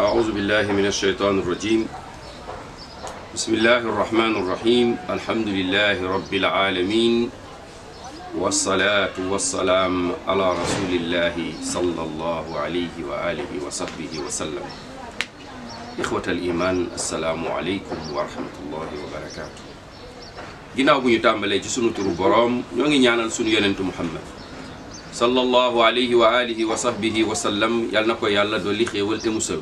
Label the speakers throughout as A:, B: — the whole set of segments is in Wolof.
A: أعوذ بالله من الشيطان الرجيم بسم الله الرحمن الرحيم الحمد لله رب العالمين والصلاة والسلام على رسول الله صلى الله عليه وآله وصحبه وسلم إخوة الإيمان السلام عليكم ورحمة الله وبركاته ginnaaw أبو ñu tàmbalee ci sunu turu boroom ñoo ngi ñaanal sunu yonentu muhammad sallallahu alayhi wa alihi wa sahbihi wa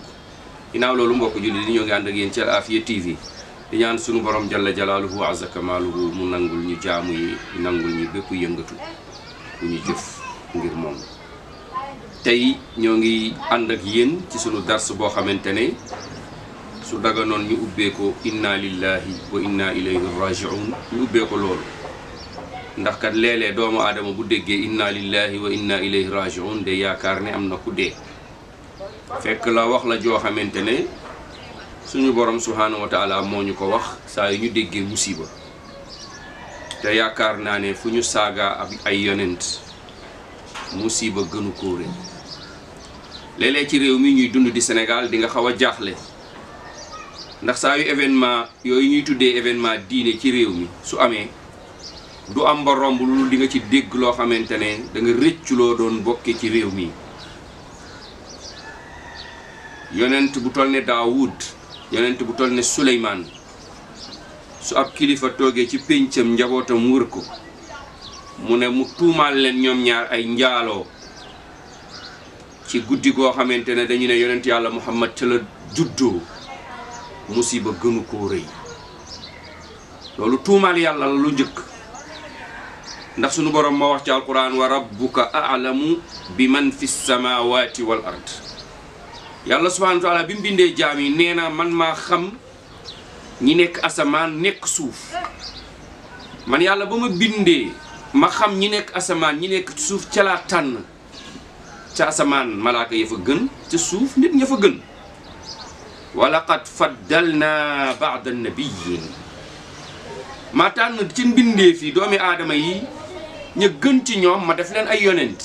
A: ginnaaw loolu mbokk julli di ñoo ngi ànd ak yéen ci Al Afia TV di ñaan sunu borom jalla jalaaluhu wa azza kamaaluhu mu nangul ñu jaamu yi nangul ñu bépp yëngatu bu ñu jëf ngir moom tey ñoo ngi ànd ak yéen ci sunu dars boo xamante ne su daganoon ñu ubbee ko inna lillahi wa inna ilayhi rajiun ñu ubbee ko loolu ndax kat léeg doomu aadama bu déggee inna lillahi wa inna ilayhi rajiun de yaakaar ne am na ku dee fekk la wax la joo xamante ne suñu borom subhaanahu wa moo ñu ko wax saa yu ñu déggee musiba te yaakaar naa ne fu ñu saaga ab ay yonent musiba gënu koo rëy ci réew mi ñuy dund di Sénégal di nga xaw a jaaxle ndax saa yu événement yooyu ñuy tuddee événement diine ci réew mi su amee du am ba romb lu di nga ci dégg loo xamante ne danga nga rëccu loo doon bokke ci réew mi. yonent bu toll ne Daawud yonent bu toll ne Suleymaan su ab kilifa toogee ci péncam njabootam wër ko mu ne mu tuumaal leen ñoom ñaar ay njaaloo ci guddi goo xamante ne dañu ne yonent yàlla Muhammad ca la juddoo musiba gënu koo rëy loolu tuumaal yàlla la lu njëkk ndax sunu boroom moo wax ci alquran wa rabbuka a'lamu bi man fi samawati wal ard yàlla subhanahu wa bi mu bindee jaam yi nee na man maa xam ñi nekk asamaan nekk suuf man yàlla ba ma bindee ma xam ñi nekk asamaan ñi nekk suuf ca laa tànn ca asamaan malaaka ya gën ca suuf nit ña fa gën wa laqad faddalna baada nabiyin ma tànn ci mbindee fii doomi aadama yi ña gën ci ñoom ma def leen ay yonent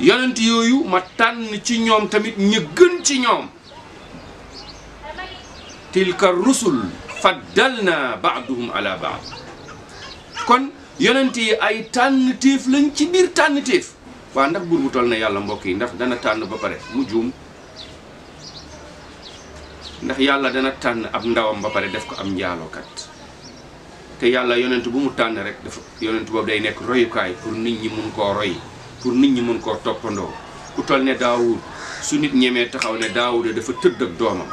A: yonent yooyu ma tànn ci ñoom tamit ñu gën ci ñoom tilka rusul faddalna baaduhum ala baad kon yonent yi ay tànn téef lañ ci biir tànn téef waa ndax buur bu toll na yàlla mbokk yi ndax dana tànn ba pare mu juum ndax yàlla dana tànn ab ndawam ba pare def ko am njaalookat te yàlla yonent bu mu tànn rek dafa yonent boobu day nekk royukaay pour nit ñi mun koo roy pour nit ñi mën koo toppandoo ku toll ne daawud su nit ñemee taxaw ne daawuda dafa tëdd ak doomam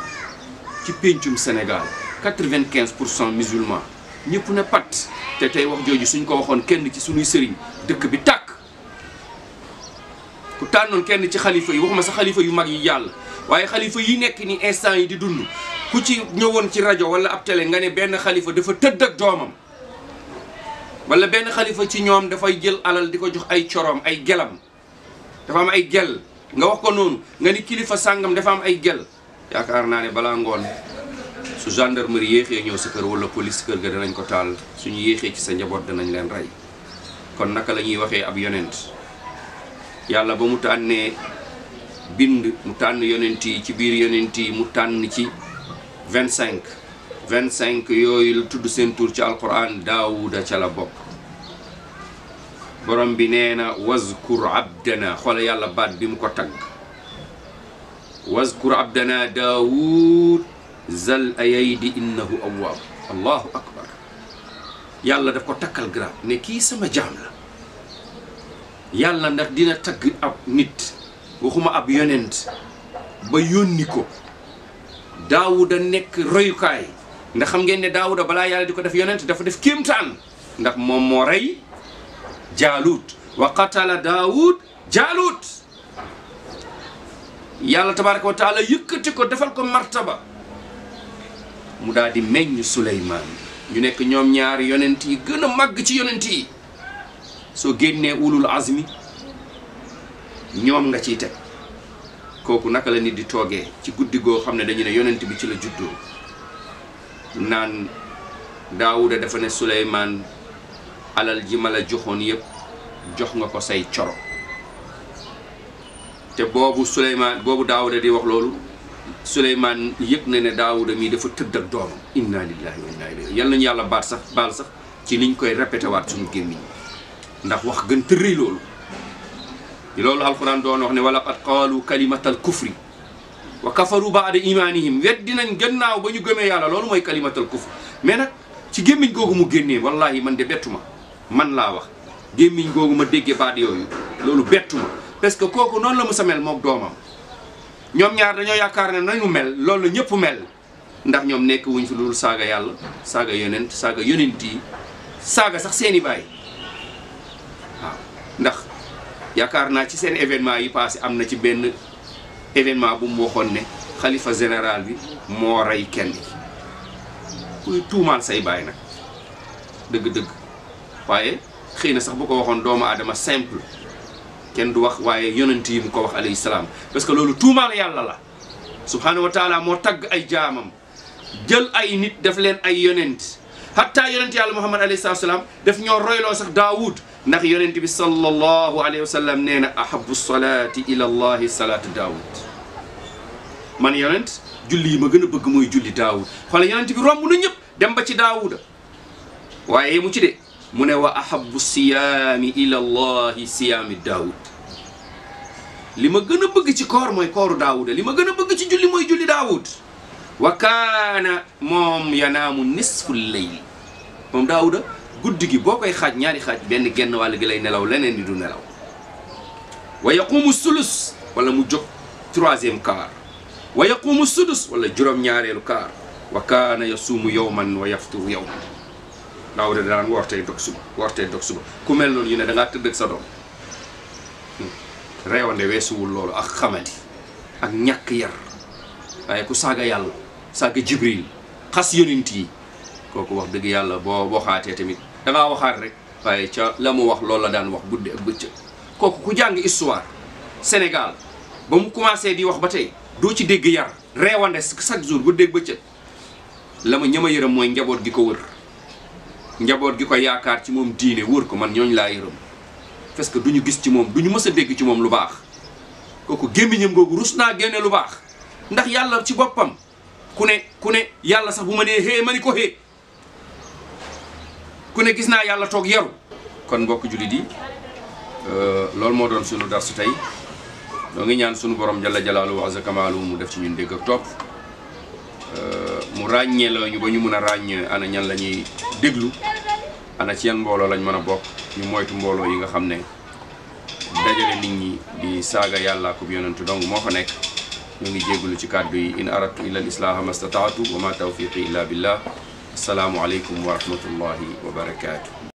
A: ci péncum Sénégal quatre pour cent musulman ñëpp ne pat te tey wax jooju suñ ko waxoon kenn ci suñuy sëriñ dëkk bi tàkk ku tànnoon kenn ci xalifa yi waxuma sa xalifa yu mag yi yàlla waaye xalifa yi nekk ni instant yi di dund ku ci ñëwoon ci rajo wala ab tele nga ne benn xalifa dafa tëdd ak doomam wala benn xalifa ci ñoom dafay jël alal di ko jox ay coroom ay gelam dafa am ay gel nga wax ko noonu nga ni kilifa sàngam dafa am ay gel yaakaar naa ne balaa ngoon su gendarmerie yéexee ñëw sa kër wala police kër ga danañ ko taal suñu yéexee ci sa njaboot danañ leen rey kon naka lañuy waxee ab yonent yàlla ba mu tànnee bind mu tànn yonent yi ci biir yonent yi mu tànn ci vingt-cinq 25 yooyu lu tudd seen tur ci alquran daawuda ca la bokk borom bi nee na wazkur abdana xoola yàlla baat bi mu ko tagg wazkur abdana daawud zal ayaydi innahu awwaab allahu akbar yàlla daf ko takkal grab ne kii sama jaam la yàlla ndax dina tagg ab nit waxuma ab yonent ba yónni ko daawuda nekk royukaay ndax xam ngeen ne daawuda balaa yàlla di ko def yonent dafa def kéemtaan ndax moom moo rey jaaluut wa qatala daawud jaaluut yàlla tabaraka wa taala yëkkati ko defal ko martaba mu daldi meññ suleymaan ñu nekk ñoom ñaari yonent yi gën a màgg ci yonent yi soo génnee ulul azmi ñoom nga ciy teg kooku naka la nit di toogee ci guddi goo xam ne dañu ne yonent bi ci la juddoo naan daawuda dafa ne suleymaan alal ji ma la joxoon yépp jox nga ko say coro te boobu suleymaan boobu daawuda di wax loolu suleymaan yëg na ne daawuda mii dafa tëdd ak doomam inna lillahi wa inna ilayhi yal nañu yàlla baat sax baal sax ci niñ koy répété waat suñu gémmiñ ndax wax gën tërëy loolu loolu alquran doon wax ne wala qad qaalu kalimatal kufri wa kafaru baada imaanihim weddi nañ gannaaw ba ñu gëmee yàlla loolu mooy kalimatal kufr mais nag ci gémmiñ googu mu génnee wallahi man de bettu ma man laa wax gémmiñ googu ma déggee baat yooyu loolu bettu ma parce que kooku noonu la mu sa mel moom doomam ñoom ñaar dañoo yaakaar na nañu mel loolu la ñëpp mel ndax ñoom nekk wuñ fi loolu saaga yàlla saaga yonent saaga yonent yi saaga sax seeni baay waaw ndax yaakaar naa ci seen événement yi passé am na ci benn événement bu mu waxoon ne xalifa général bi moo rey kenn ki kuy tuumaal say baay nag dëgg-dëgg waaye xëy na sax bu ko waxoon doomu aadama simple kenn du wax waaye yonent yi mu ko wax alayhi salaam parce que loolu tuumaal yàlla la subhanahu wa taala moo tagg ay jaamam jël ay nit def leen ay yonent hatta yonent yàlla muhammad alayhi salatu salaam daf ñoo royloo sax daawud ndax yonent bi sallallahu alayhi wa sallam nee na ahabu salaati ila allahi salaatu daawud man yonent julli yi ma gëna bëgg moy julli daawud xol yonent bi rombu na ñëpp dem ba ci daawuda waaye mu ci dé mu ne wa ahabbu siyaami ila allah siyaami daawud li ma gën bëgg ci koor moy kooru daawuda li ma gën bëgg ci julli moy julli daawud wa kana mom yanamu nisfu layl mom daawuda guddi gi ñaari xaj ben genn wal gi lay nelaw leneen di du nelaw wa yaqumu sulus wala mu 3e quart wa yaqumu sudus wala juróom-ñaareelu kaar wa kaana yasuumu yowman wa yafturu yowman daaw de daan woor tey dog suba woor tey dog suba ku mel noonu ñu ne da tëdd ak sa doom hmm. reewande weesuwul loolu ak xamadi ak ñàkk yar waaye ku saaga yàlla saaga jibril xas yonent yi kooku wax dëgg yàlla boo waxaatee tamit dangaa waxaat rek waaye ca la mu wax loolu la daan wax guddi ak bëccëg kooku ku jàng histoire Sénégal ba mu commencé di wax ba tey doo ci dégg yar reewande chaque jour bu dégg bëccëg la ma ña yërëm mooy njaboot gi ko wër njaboot gi ko yaakaar ci moom diine wër ko man ñooñu laa yërëm parce que du ñu gis ci moom du ñu mës a dégg ci moom lu baax kooku gémmiñam googu rus naa génne lu baax ndax yàlla ci boppam ku ne ku ne yàlla sax bu ma nee xée ma ni ko xée ku ne gis naa yàlla toog yaru kon mbokk jullit yi euh, loolu moo doon sunu su tey ngi ñaan suñu borom jalla jalalu wa azakamalu mu def ci ñun top euh mu ragne la ñu ba ñu mën a ana ñan lañuy deglu ana ci yeen mbolo lañ mëna bok ñu moytu mbolo yi nga xamne dajale nit ñi di saga yalla ko yonentu dong mo fa nek ñu ngi jéggulu ci kaddu yi in aratu illa al mastata'tu wa ma tawfiqi illa billah assalamu alaykum wa rahmatullahi wa barakatuh